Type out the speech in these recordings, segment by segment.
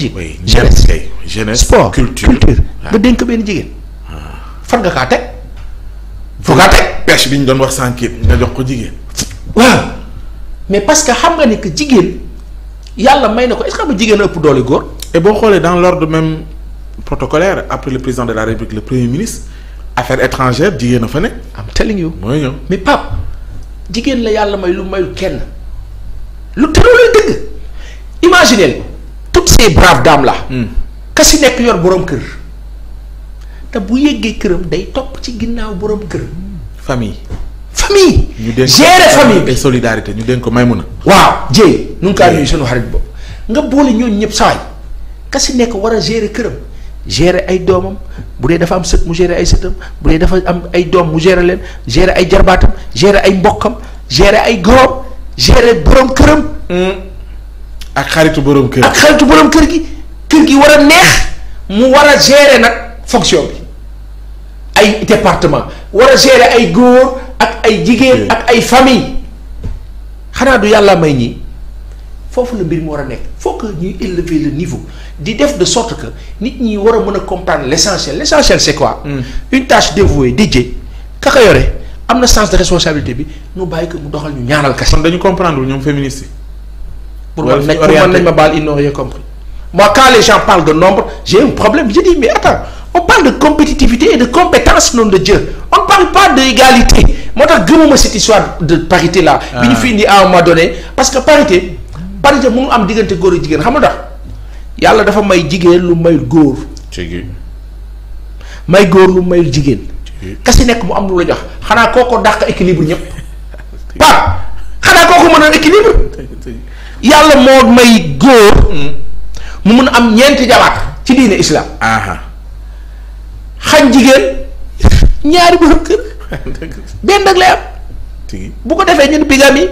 stratégie. oui jeunesse jeunesse sport culture culture nga ah. dénk benn jigéen. Ah. fan nga kaa teg. foo kaa bi ñu doon wax sànq nga jox ko jigéen. waaw mais parce que xam nga ni que jigéen yàlla may na ko est-ce xam nga jigéen a ëpp doole góor. et boo xoolee dans l'ordre même protocolaire après le président de la république le premier ministre affaires étrangères jigéen a fa ne. am telling you mais Pape jigéen la yàlla may lu mayul kenn lu tëral dëgg imaginez ces braves dames la hmm. ka si nekk yor boroom kër. te bu yéggee këram day topp ci ginnaaw borom kër. famille. famille. ñu dénk gérer famille solidarité ñu dénk ko may mun a. waaw Dieye nu ngi kaa nuyu xarit boobu nga boole ñooñu ñëpp saay ka si nekk war a gérer këram. gérer ay doomam bu dee dafa am sët mu gérer ay sëtam bu dee dafa am ay doom mu gérer leen gérer ay jarbaatam gérer ay mbokkam gérer ay góoram gérer borom këram. Hmm. ak xaritu borom kër gi xaritu borom kër gi kër gi war a neex mu war a gérer nag fonction bi ay département war a gérer ay góor ak ay jigéen ak ay famille xanaa du yàlla may ñi foofu la mbir mu war a nekk faut ñuy élever le niveau di def de sorte que nit ñi war a mën a comprendre l' essentiel l' essentiel c' est quoi. Hmm. une tâche dévouée dédiée kaka yore am na sens de responsabilité bi ñu bàyyi ko mu doxal ñu ñaanal kese. kon dañu comprendre ñoom féministes yi pour man nañ nañ ma baal ils n'ont rien compris moi quand les gens parlent de nombre j'ai un problème je dis mais attends on parle de compétitivité et de compétence nom de Dieu on ne parle pas d'égalité moo tax gëmuma cette histoire de parité là ah. bi ñu fi indi à un moment parce que parité parité mu am diggante góor ak jigéen xam nga tax yàlla dafa may jigéen lu mayul góor may góor lu mayul jigéen kasi nekk mu am lu la jox xanaa kooko daq équilibre ñëpp waaw xanaa kooko yàlla moo may góor mu mun am ñeenti jabar ci diine islam xañ jigéen ñaari borom kër benn ak lay am bu ko defee ñun bigamie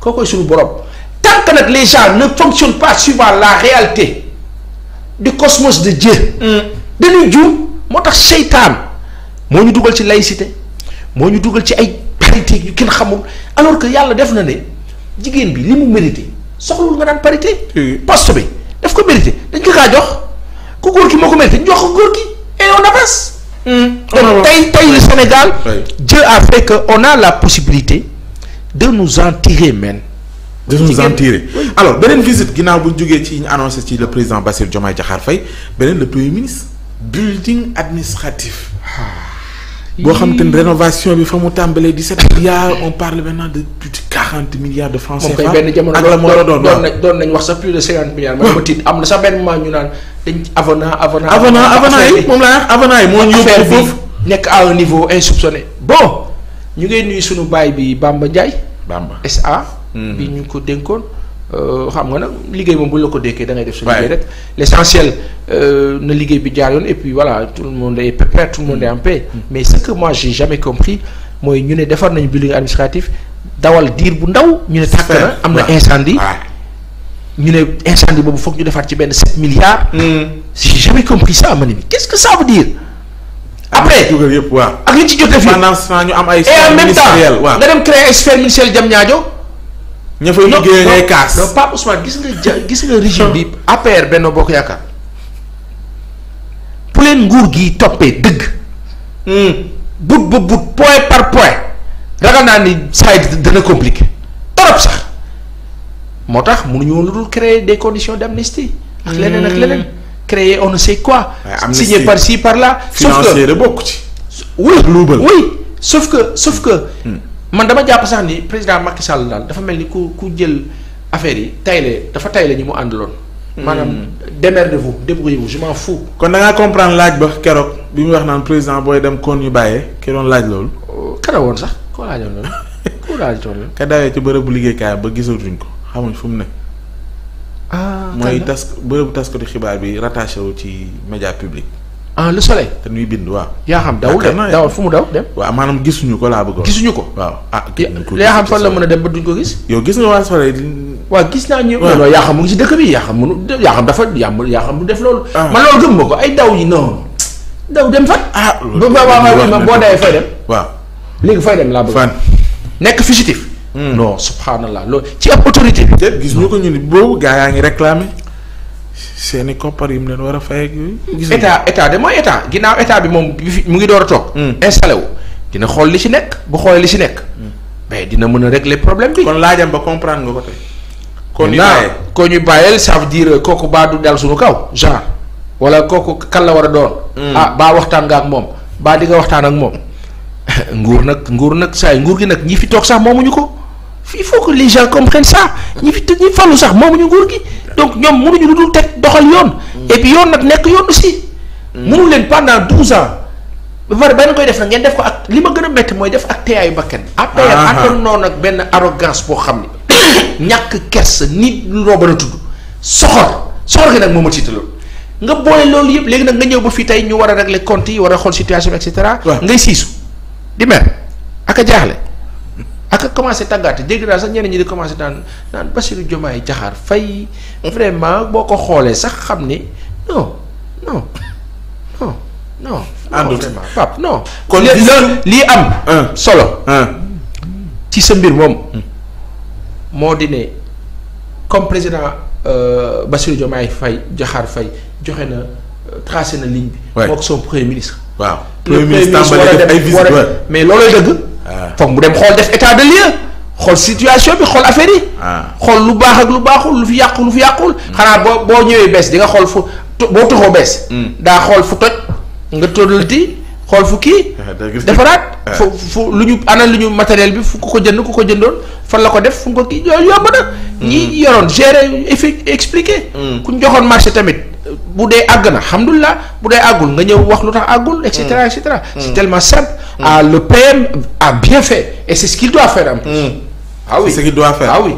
kookoy suñu borom tant que nag les gens ne fonctionnent pas suivant la réalité du cosmos de Dieu hmm. dañuy juum moo tax seytaan moo ñu dugal ci laïcité moo ñu dugal ci ay politique yu kenn xamul alors que yàlla def na ne jigéen bi li mu mérité soxlawul nga daan parité. poste bi daf ko mérité dañ ko jox ku góor ki moo ko mérité ñu jox ko góor ki et on avance. Hmm. donc oh. a fait on a la possibilité de nous en tirer men de nous en tirer alors beneen visite ginnaaw bu ñu jógee ci ñu annoncé ci le président Bassirou Diomaye Diakhar Faye beneen le premier ministre. building administratif. Ah. boo xam te ne rénovation bi fa mu tàmbalee 17 milliards on parle maintenant de milliards de francs CFA. moom kay benn jamono doon doon nañ wax sax plus de 50 milliards. man ma tiit am na sax benn moment naan dañ avenant avenant. avenant avenant yi moom laa wax avenant yi moo ñu yóbbu foofu nekk à niveau insoupçonné bon ñu ngay nuy suñu baay bi Bamba Ndiaye. Bamba SA. Mm-hmm. bi ñu ko dénkoon. Euh, xam nga nag liggéey moom bu la ko dékkee da def. sa liggéey rek l' essentiel euh, na liggéey bi jaar yoon et puis voilà tout le monde est pépère tout le monde est mm. mooy ñu ne defar nañu building administratif dawal diir bu ndaw. ñu ne am na incendie. ñu ne incendie boobu foog ñu defaat ci benn sept milliards. Mm. j'ai jamais compris ça ma ne que qu'est-ce que ça veut dire. Ah, après ak li ci jot a fi. ñu am ay. sphères ministérielles waaw et en même temps nga dem créer ay sphères ministérielles jam ñaajo ña fay liggéeyee ngay kaas non Pape Ousmane gis nga ja gis nga régime bi APR Benno Bokk Yaakaar bu leen nguur gi toppee dëgg. Hmm. but bu but point par point ragal naa ni saa dana compliqué trop sax moo tax mënuñu woon lu dul créer des conditions d'amnistie. ak leneen ak hmm. leneen. créer on ne sait quoi. signé par si par la sauf que bokk ci. oui oui sauf que sauf que. Hmm. man dama jàpp sax ni président Macky Sall daal dafa mel ni ku ku jël affaire yi tayle dafa tayle ñi mu àndaloon. Hmm. maanaam démerdez-vous débrouillez-vous je m'en fous. kon da ngaa laaj ba keroog bi mu wax naan président booy dem kon ñu bàyyee ki laaj loolu. Oh, kada woon sax koo laajoon loolu koo laajoon loolu. ka dawee ci bërëbu liggéeykaay ba gisatuñ ko xamuñ fu mu ne. ah mooy tas ko taskatu xibaar bi rattaché wu ci média public. ah le soleil. te nuy bind waaw. yaa xam dawul de dawal fu mu daw dem. waaw maanaam gisuñu ko laa bëggoon. gisuñu ko waaw ah. yaa xam fan la mën a dem ba duñ ko gis. yow gis nga waa soleil. waaw gis naa ñu. waaw yaa xam mu ngi si dëkk bi yaa xam mënu yaa xam dafa yaa xam du def loolu. Ah. man loolu gëm ma ko ay daw yi non. daw dem fan. ah loolu ma boo dawee fay dem. waaw léegi fay dem laa bëgg. fan nekk fugitif. Hmm. non subhanallah loolu ci ab autorité bi. gis ñu ko ñu ni boobu gaa yaa ngi réclamer seeni koppar yi mu leen war a fay ak yooyu. état état de mooy état ginnaaw état bi moom bi fi mu ngi door a toog. Hmm. installé wu dina xool li ci nekk bu xoolee li ci nekk. Hmm. mais dina mën a régler problème bi. kon laajam ba comprendre nga ko tey. kon ñu koo ñu bàyyeel ça veut dire kooku baa du dal suñu kaw genre wala kooku kan la war a doon. Hmm. ah baa waxtaan nga ak moom baa di nga waxtaan ak moom. nguur nag nguur nag saa nguur gi nag ñi fi toog sax moomuñu ko. il faut que les gens comprennent ça. ñi fi ñi falu sax moomuñu nguur gi. donc ñoom mënuñu lu dul teg doxal yoon. et puis yoon nag nekk yoon aussi. mënu leen pendant douze ans. ba pare ba koy def nag ngeen def ko ak li ma gën a métti mooy def ak teeyaayu bakkan. après àndoon noonu ak benn arrogance boo xam ne. ñàkk kersa nit loo mën a tudd. soxor nag moo ma tiitaloon nga boole loolu yëpp léegi nag nga ñëw ba fii tey ñu war a régler compte yi war a xool situation et cetera. ngay siisu di mer ak a jaaxle. ak commencé tàggaate dégg naa sax ñeneen ñi di commencé naan naan Bassirou Diomaye fay Faye boo ko xoolee sax xam ni non non non non. lii am. solo. ci sa mbir moom. Hmm. moo di ne comme président euh, Bassirou Diomaye Faye Diakhar Faye joxe na euh, tracé na ligne bi. mook son premier ministre. waaw premier ministre tàmbali def ay mais loolooy dëgg. Ah. foog mu dem xool def état de lieu xool situation bi xool affaire yi. Ah. xool lu baax lu baaxul lu fi yàqu lu fi yàqul. Hmm. xanaa boo boo ñëwee bees di nga xool fu boo toxoo bees. Hmm. daa xool fu toj nga di xool fu kii. defaraat ah. fu fu lu ñu ana lu ñu matériel bi fu ku ko jënd ku ko jëndoon fan la ko def fu nga ko kii yomb na. Hmm. ñi yoroon gérer effet expliqué. ku ñu joxoon marché tamit. bu dee àgg na alhamdulilah bu dee àggul nga ñëw wax lu tax àggul. et cetera et cetera. c'est Mm. ah le PM a bien fait et c'est ce qu'il doit faire en plus. Mm. ah oui c'est ce qu'il doit faire ah oui.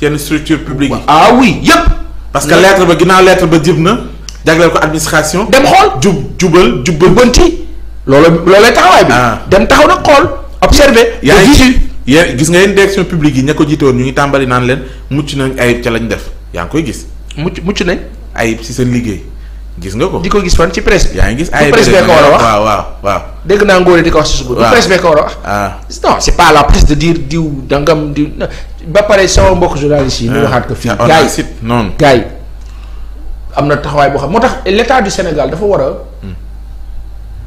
seen structure publique yi. ah oui yëpp. parce que lettre ba ginnaaw lettre ba jib na. jagleel ko administration. dem xool jub jubal jubbanti. loolu loolay taxawaay bi. Ah. dem taxaw nag xool. observer yaa ngi yéen gis nga yéen direction publique yi ña ko jiite woon ñu ngi tàmbali naan leen mucc nañ ayib ca lañ def yaa ngi koy gis. mucc mucc nañ. ayib si seen liggéey. gis nga ko di ko gis fan ci presse bi. yaa ngi gis ay presse bee ko war a wax dégg naa ngóore di ko wax si suba. waaw bee ko war a wax. ah non pas la presse de dire diw dangam diw ba pare sama mbokk journaliste yi. ñu ah. waxaat ko fii ah, gars am na taxawaay boo xam moo tax l' état du Sénégal dafa war a. Hmm.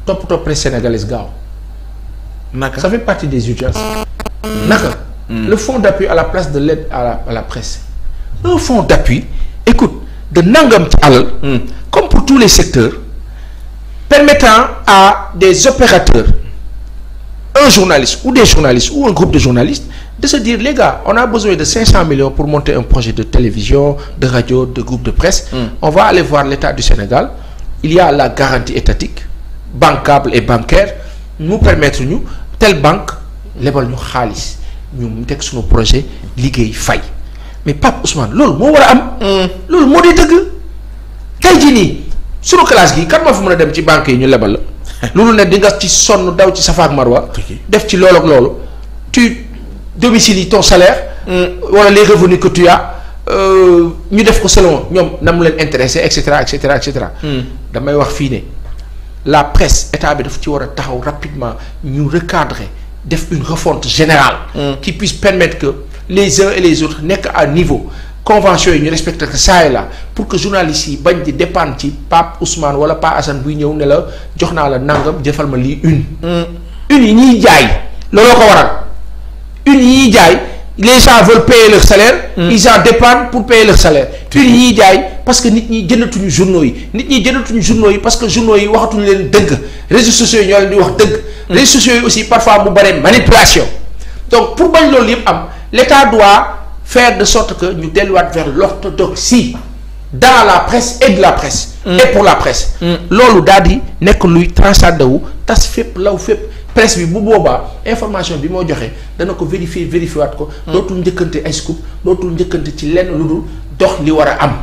toppatoo presse sénégalaise gaaw. naka ça fait partie des urgences. Hmm. naka. Hmm. le fonds d' à la place de l' à la à la presse. un écoute de nangam ci alal. comme pour tous les secteurs permettant à des opérateurs un journaliste ou des journalistes ou un groupe de journalistes de se dire les gars on a besoin de millions pour monter un projet de télévision de radio de groupe de presse hmm. on va aller voir l'État du Sénégal il y a la garantie étatique bancable et bancaire nous permettre ñu telle banque lebal ñu xaalis ñu teg suñu projet liggéey fay mais Pape Ousmane loolu moo war am hmm. loolu moo di dëgg tey jii nii sunu classe gi kan moo fi mën a dem ci banque yi ñu lebal la loolu ne di nga ci sonn daw ci safa ak marwa def ci loolu ak loolu tu yi ton salaire hmm. wala les revenus que tu as euh, ñu def ko selon ñoom na mu leen intéressé et cetera et cetera hmm. damay wax fii ne la presse état bi daf ci war a taxaw rapidement ñu recadrer def une refonte générale hmm. qui puisse permettre que les uns et les autres nekk à niveau convention yi ñu respecté que saa yi la pour que journalistes yi bañ di dépendre ci Pape Ousmane wala Pape Assane buy ñëw ne la jox naa la nangam jëfal ma lii une. Mm. une yi ñuy jaay looloo ko waral une yi ñuy jaay les gens veulent payer leur salaire. Mm. ils en dépendent pour payer leur salaire. une yi jaay parce que nit ñi jënatuñu journaux yi nit ñi jënatuñu journaux yi parce que journaux yi waxatuñu leen dëgg réseaux sociaux yi ñoo leen di wax dëgg. Mm. réseaux sociaux yi aussi parfois mu bare manipulation donc pour faire de sorte que ñu delluwaat vers l'orthodoxie dans la presse et de la presse. Mm. et pour la presse. Mm. loolu daal di nekk luy transcender wu tas fépp law fépp presse bi bu boobaa information bi moo joxe dana ko vérifier vérifier waat ko. Mm. dootul njëkkante ay scoop dootul njëkkante ci lenn lu dul dox li war a am.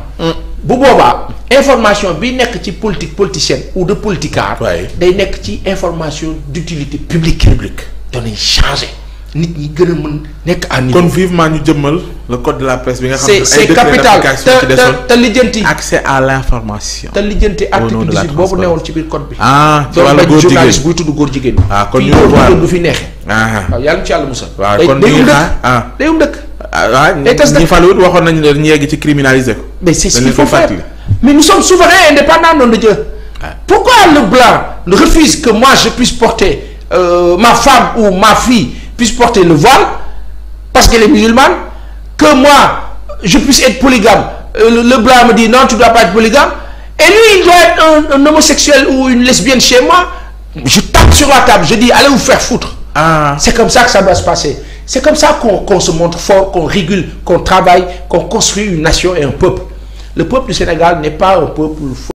bu boobaa information bi nekk ci politique politicienne ou de politicard. day nekk ci information d'utilité publique. publique danay changer. nit ñi gën a mën nekk à niveau. kon vivement ñu jëmmal le code de la presse bi nga xam ne ay décret d'application ci desoon te lijjanti accès à l'information. te lijjanti article 18 boobu newoon ci biir code bi. ah ci wàllu góor jigéen journaliste buy tudd góor jigéen. ah kon ñu du fi neexee. Ah, ah. waaw yàlla ci yàlla musal. waaw kon ñu ngi xaar ah day day um dëkk. ah, ah ñi faluwut waxoon nañu leen ñu yegg ci criminaliser ko. mais c'est ce qu'il faut faire mais nous sommes souverains et indépendants nom de Dieu. pourquoi le blanc refuse que moi je puisse porter euh, ma femme ou ma fille puisse porter le voile parce qu'elle est que moi je puisse être polygame euh, le, le blanc me dit non tu dois pas être polygame et lui il doit être un, ou une lesbienne chez moi je tape sur la table je dis allez vous faire foutre ah. c'est comme ça que ça doit se passer c'est comme ça qu'on se montre fort qu'on régule qu'on travaille qu'on construit une nation et un peuple le peuple Sénégal n'est pas un peuple